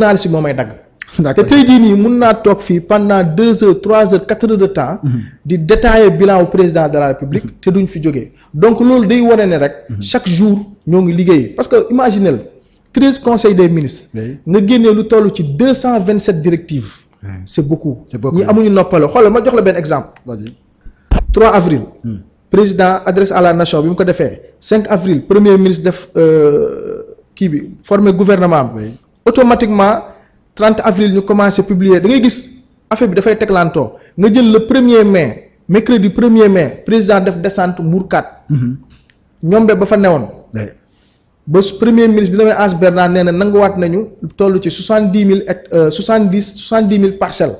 journaliste bi moo may dagg te tey jii nii mun naa toog fii pendant deux heures trois heures quatre heures de temps mhm. di détailler bilan wu président de la république mhm. te duñ fi jógee donc loolu day wane ne rek mhm. chaque jour ñoo ngi liggéey parce que imaginez treize conseils des ministres nga génnee lu toll ci deux cent vingt sept directives c'est beaucoup ñi amuñu noppale xoolal ma jox la benn exemple 3 avril hmm. président adresse à la nation bi mu ko defee 5 avril premier ministre def euh, kii bi former gouvernement am automatiquement 30 avril ñu commencé publier da ngay gis affaire bi dafay teglanto nga jël le premier mai mercredi premier mai président def descente mbuurkat mhm. ñombe ba fa newoon ba premier ministre bi damay Anse Bernard nee na nanguwaat nañu toll ci soixante dix mille et euh, soixante dix mille parcelles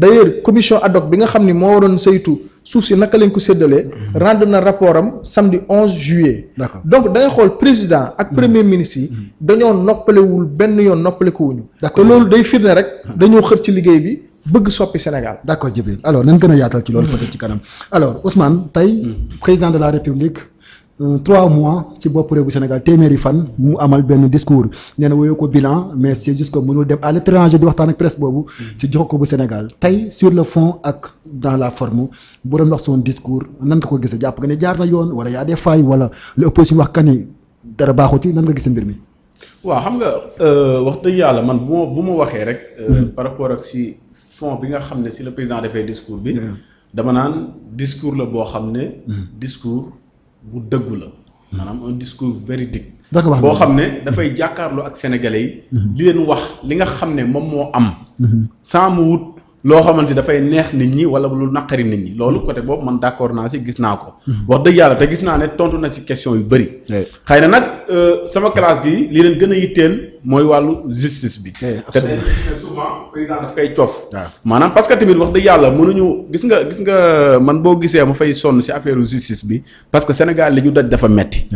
d' ailleurs commission ad bi nga xam ni moo waroon saytu suuf si naka lañ ko séddalee. Mhm. rendre na rapport am samedi 11 juillet. donc da xool président ak mhm. premier ministre yi. Mhm. dañoo noppalewul benn yoon noppalekuwuñu te loolu day firnde rek dañoo xër ci liggéey bi. bëgg soppi Sénégal. d' accord Djibril alors nañ gën a yaatal ci loolu peut ci kanam alors Ousmane tey président de la République. Euh, trois mois ci bopp réew bu Sénégal téeméeri fan mu amal benn discours nee na woyoo ko bilan mais c'est juste que mënul dem à l'étranger di waxtaan ak presse boobu ci jox ko bu Sénégal tey sur le fond ak dans la forme bu doon wax son discours nan nga ko gisee jàpp nga ne jaar na yoon wala y a des failles wala lu opposition wax kani dara baaxu ci nan nga gisee mbir mi. waaw xam nga euh, wax dëgg yàlla man bu bu ma waxee rek. Euh, mm-hmm. par rapport ak si fond bi nga xam ne si le président defee discours bi. dama naan discours la boo xam ne. Mm-hmm. discours. bu dëggu la. maanaam un discours véridique. boo xam ne dafay jàkkaarloo ak sénégalais yi. Mhm. di leen wax li nga xam ne moom moo am. Mhm. sans mu wut loo xamante dafay neex nit ñi wala lu naqari nit ñi loolu côté boobu man d'accord naa si gis naa ko. Mhm. wax dëgg yàlla te gis naa ne tontu na si question yu bëri. xëy na nag euh, sama classe gi li leen gën a yitteel. mooy wàllu justice bi. Eh, te souvent président daf koy ah. parce que tamit wax dëgg yàlla mënuñu gis nga gis nga man boo gisee ma fay sonn si affaire justice bi parce que Sénégal li ñu daj dafa metti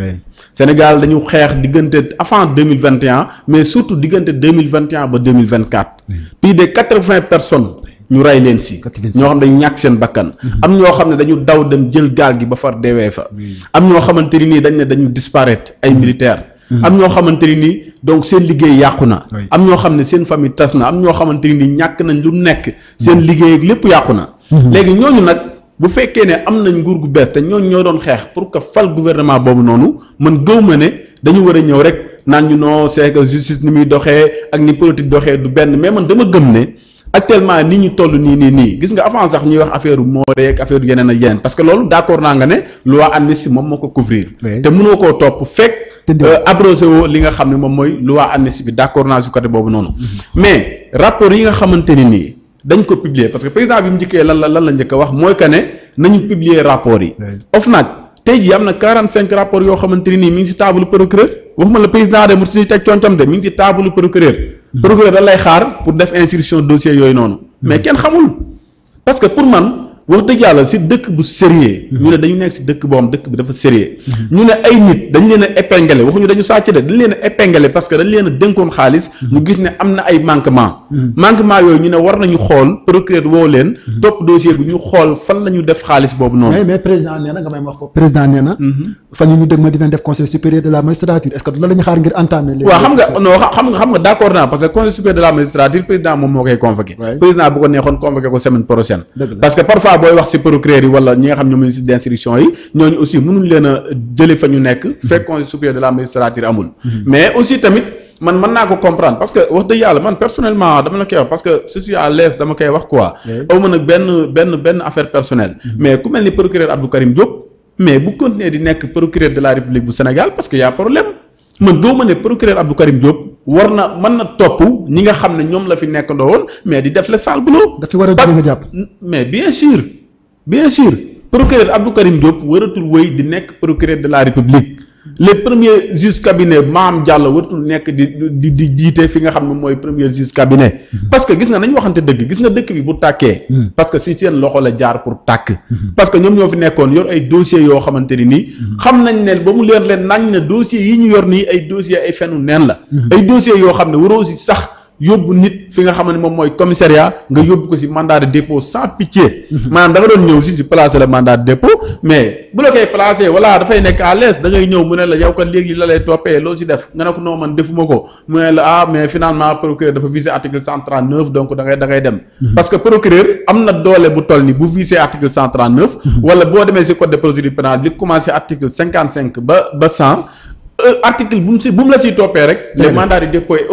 Sénégal dañu xeex diggante avant deux mille vingt et mais surtout diggante deux mille vingt et un ba deux mille vingt quatre. plus de quatre vingt personnes. ñu rey leen si ñoo xam ne dañ ñàkk seen bakkan mm-hmm. am ñoo xam ne dañu daw dem jël gaal gi ba far deewee fa am ñoo xamante ni nii dañ ne dañu disparaître ay mm-hmm. militaire Mm. am ñoo xamante ni nii donc seen liggéey yàqu na am ñoo xam ne seen famille tas na am ñoo xamante ni nii ñàkk nañ lu nekk seen mm. liggéey ak lépp yàqu na mm-hmm. léegi ñooñu nag bu fekkee ne am nañ nguur gu bees te ñooñu ñoo doon xeex pour que fal guvernement boobu noonu man gëw ma ne dañu war a ñëw rek naa ñu noo c'est que justice ni muy doxee ak ni politique doxee du benn mais man dama gëm ne actuellement ni ñu toll nii nii nii gis nga avant sax ñuy wax affaire mooree ak affaire yeneen ak parce que loolu d'accord naa nga ne loi amnistie moom moo ko couvrir te mënoo koo Euh, abrogé woo li nga xam ne moom mooy loi amnistie bi d' accord naa su boobu noonu. mais rapport yi nga xamante ne nii dañ ko publier parce que président bi mu njëkkee lan la lan la njëkk a wax mooy que ne nañu publier rapport yi. OFNAC tey jii am na 45 rapport yoo xamante ne nii mi ngi si table procureur waxuma la président de mu si teg concam de mi ngi si table procureur. Hmm. procureur da lay xaar pour def instruction dossier yooyu noonu. mais hmm. kenn wax dëgg yàlla si dëkk bu sérieux mhm. ñu ne dañu nekk si dëkk boo xam dëkk bi dafa sérieux mhm. ñu ne ay nit dañ leen a épinglé waxuñu dañu sàcc de dañ leen a épinglé parce que dañ leen mhm. topp dossier bi ñu xool fan la def xaalis boobu noonu mais président nee nga may wax foofu président nee na fan ñu dëgg ma dinañ def conseil supérieur de la magistrature est-ce que loolu la xaar ngir entamer léegi waaw xam nga non xam nga xam nga d'accord naa parce fois booy wax ci procureur yi wala ñi xam ñoom ministre d'instruction yi ñooñu aussi mënuñ leen a jële fa ñu nekk mm-hmm. fekk conseil supérieur de la magistrature amul mm-hmm. mais aussi tamit man mën naa ko comprendre parce que wax dëgg yàlla man personnellement dama la koy wax parce que je suis à l'aise dama koy wax quoi aw ma nag benn benn benn affaire personnelle mm-hmm. mais ku mel ni procureur Abdou Karim Diop mais bu continuer di nekk procureur de la République bu Sénégal parce que y a problème man doo war na mën na topp ñi nga xam ne ñoom la fi nekk doon mais di def le sale boulot. dafa war a nga jàpp mais bien sûr bien sûr procureur Abdou Karim Diop waratul wëy di nekk procureur de la République. les premiers juges cabinet Maam Diallo wartul nekk di di di jiite fi nga xam ne mooy premier juge cabinet mm-hmm. parce que gis nga nañu waxante dëgg gis nga dëkk bi bu tàkkee mm-hmm. parce que si seen loxo la jaar pour tàkk mm-hmm. parce que ñoom ñoo fi nekkoon yor ay dossiers yoo xamante ni nii xam nañ neen ba mu leen leen nañ ne dossiers yi ñu yor nii ay dossiers ay fenu neen la ay dossiers yoo xam ne waroo si sax yóbbu nit fi nga xam ne moom mooy commissariat nga yóbbu ko si mandat de dépôt sans pitié. Mhm. maanaam doon ñëw si si placer le mandat de dépôt mais bu la koy placer voilà dafay nekk à l'aise da ngay ñëw mu ne la yow kat léegi la lay toppee loo si def nga ne ko non man defuma ko mu ne la ah mais finalement procureur dafa viser article 139 donc da ngay da ngay dem. Mhm. parce que procureur am na doole bu toll ni bu viser article 139. Mhm. wala boo demee si code de procédure pénale li commencé article 55 ba ba 100 euh, article bu mu si toppee rek. les mandats de dépôt est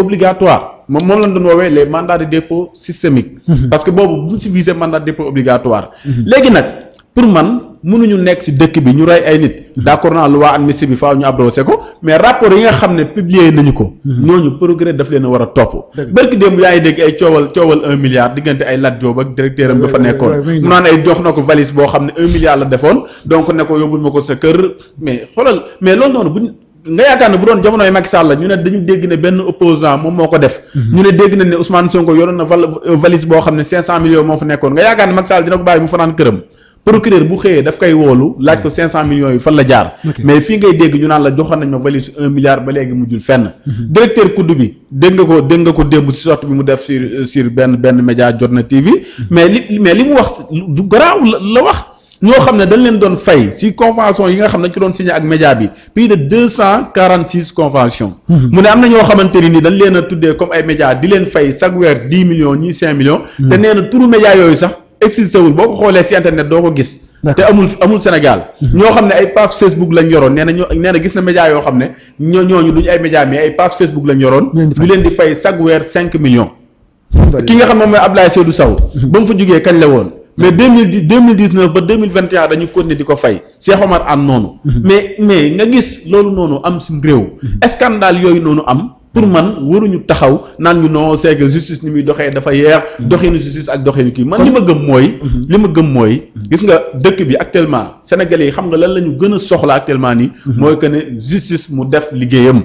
moom moom lañ doon woowee les mandats de dépôt systémique mhm. parce boobu bu ñu si visé mandat de dépôt obligatoire mhm. léegi nag pour man mënuñu nekk si dëkk bi ñu rey ay nit mhm. d'accord naa loi amnistie bi faaw ñu abrogé ko mais rapport yi nga xam ne publier nañu ko ñooñu progrès daf leen a war a topp bërki démb yaa ngi dégg ay coowal coowal un milliard diggante ay Lat Diop ak directeur am dafa nekkoon mu naan ay jox na ko valise boo xam ne un milliard la defoon donc ne ko ma ko sa kër mais nga yaakaar ne bu doon jamonoy Macky Sall la ñu ne dañu dégg ne benn opposant moom moo ko def. Mhm. ñu ne dégg nañ ne Ousmane Sonko yoroon na val euh, valise boo xam ne 500 moo fa nekkoon nga yaakaar ne Macky Sall dina ko bàyyi mu fanaan këram. procureur bu xëyee daf koy woolu laaj ko 500 millions yi fan la jaar. mais fii ngay dégg ñu naan la joxoon nañ ma valise 1 milliard ba léegi mujjul fenn. Mhm. directeur kudd bi dégg nga ko dégg nga ko démb si sot bi mu def sur euh, sur benn benn média jot na TV. Mhm. mais mais li mu wax du garaaw la wax. ñoo xam ne dañ leen doon fay si convention yi nga xam ne dañ doon signé ak média bi plus de deux cent quarante six convention mhm. mu ne am na ñoo xamante ni ni dañ leen a tuddee comme ay média di leen fay chaque weer dix millions ñii cinq millions mhm. te nee na turu média yooyu sax existé wul boo ko xoolee si internet doo ko gis te amul amul Sénégal mhm. ñoo xam ne ay page Facebook lañ yoroon nee na ñoo nee gis na média yoo xam ne ñoo ñooñu duñu ay média mais ay page leen di fay chaque weer cinq millions nga xam ne moom mooy Abdoulaye Seydou Sow ba mu fa jógee kañ la woon mais deux mille dix deux mille ba deux mille vingt et un dañu di ko fay Cheikh Omar Anne noonu. Mm-hmm. mais mais nga gis loolu noonu am si réew. Mm-hmm. scandale yooyu noonu am. pour man waruñu taxaw naan ñu non c'est que justice ni muy doxee dafa yeex mm-hmm. doxinu justice ak doxinu kii man li ma gëm mooy mm-hmm. li ma gëm mooy mm-hmm. gis nga dëkk bi actuellement sénégalais yi xam nga lan la ñu gën a soxla actuellement nii mooy que ne justice mu def liggéeyam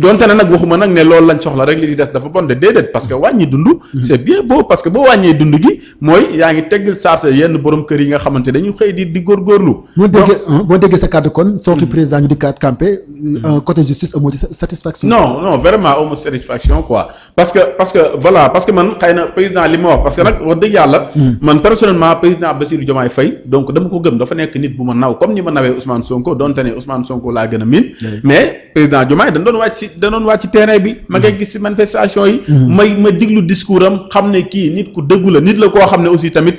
donte ne nag waxuma nag ne loolu lañ soxla rek li ci def dafa bon de déedéet parce que wàññi dund c'est bien beau parce que boo wàññee dund gi mooy yaa ngi teggil sa yenn borom kër yi nga xamante dañu xëy di di góorgóorlu boo déggee boo déggee sa kàddu kon sorti président ñu di campé euh, côté justice amoo ci satisfaction non vraiment satisfaction quoi parce que parce que voilà parce que man xëy na président li ma wax parce que nag wax dëgg yàlla. Hmm. man personnellement président Bassirou Diomaye Faye donc dama ko gëm dafa nekk nit bu ma naw comme ni ma nawee Ousmane Sonko donte ne Ousmane Sonko laa gën a miin. mais président Diomaye dañ doon wàcc si bi. ma ngay hmm. gis si manifestation yi. Hmm. may ma diglu discours am xam ne kii nit ku dëggu la nit la koo xam ne aussi tamit.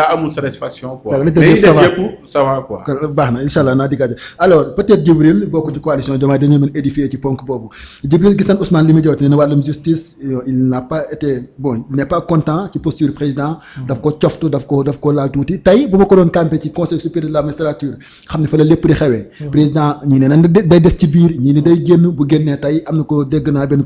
daa amul satisfaction quoi. mais li des yëpp ça va quoi. baax na incha allah naa dikkaat alors peut-être Djibril bokk ci coalition Diomaye dañoo mën édifier ci ponk boobu Djibril gis nañ Ousmane li muy wàllum justice euh, il n'a pas été bon il n'est pas content ci posture président. Hmm. daf ko coftu daf ko laal tuuti tey bu ma ko doon campé ci conseil supérieur de la xam ne fa la lépp di xewee. Hmm. président ñii ne nan day des ci biir ñii ne day hmm. génn bu génnee tey am na ko dégg naa benn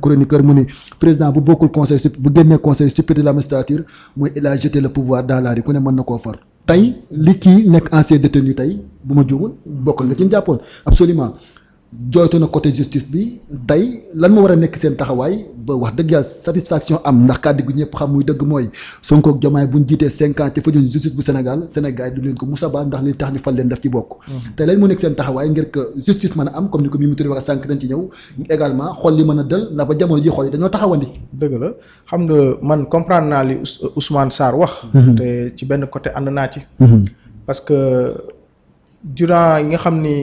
a koo far tey li kii nekk ancien détenu tey bu ma juumul bokkal la ci ñu jàppoon absolument jooytu na côté justice bi tey lan moo war a nekk seen taxawaay ba wax dëgg yàlla satisfaction am ndax kàddu gi ñëpp xam muy dëgg mooy Sonko ak Diomaye bu ñu jiitee cinq ans ci fa ñu justice bu Sénégal Sénégal du leen ko mm-hmm. Moussa Ba ndax li mm-hmm. a mm-hmm. a nga xam ni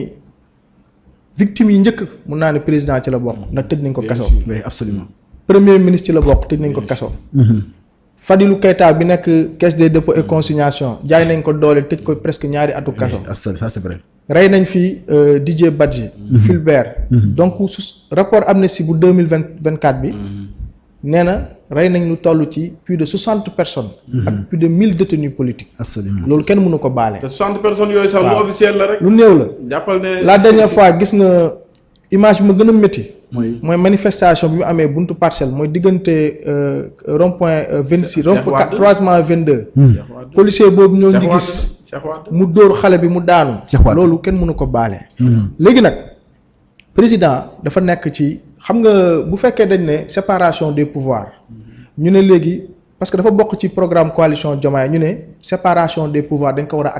victime yi njëkk mun naa ne président ci la bokk mm. ndax tëj nañ ko kaso oui absolument premier ministre ci la bokk tëj nañ ko kaso mm-hmm. Fadilou Keita bi nekk caisse des dépôts et consignation jaay nañ ko doole tëj ko presque ñaari atu kaso ça rey nañ fi euh, Didier Badji mm-hmm. Fulbert mm-hmm. donc su rapport Amnesty bu deux mille vingt vingt quatre bi nee na rey nañ lu toll ci plus de soixante personnes. Mhm. ak plus de mille détenus politiques. absolument loolu kenn mënu ko baale. te soixante personnes yooyu sax lu officiel la lu néew la jàppal ne la dernière fois gis na image bi ma gën a métti. mooy mooy manifestation bi mu amee buntu parcelle mooy diggante euh, rond point euh, vingt six. rond point croisement vingt deux. Hmm. policier boobu ñoo ngi gis. mu dóor xale bi mu daanu. loolu kenn mënu ko baale. Hmm. léegi nag président dafa nekk ci xam nga bu fekkee dañ ne séparation des pouvoirs. ñu ne léegi parce que dafa bokk ci programme coalition Diomaye ñu ne séparation des pouvoirs dañ ko war a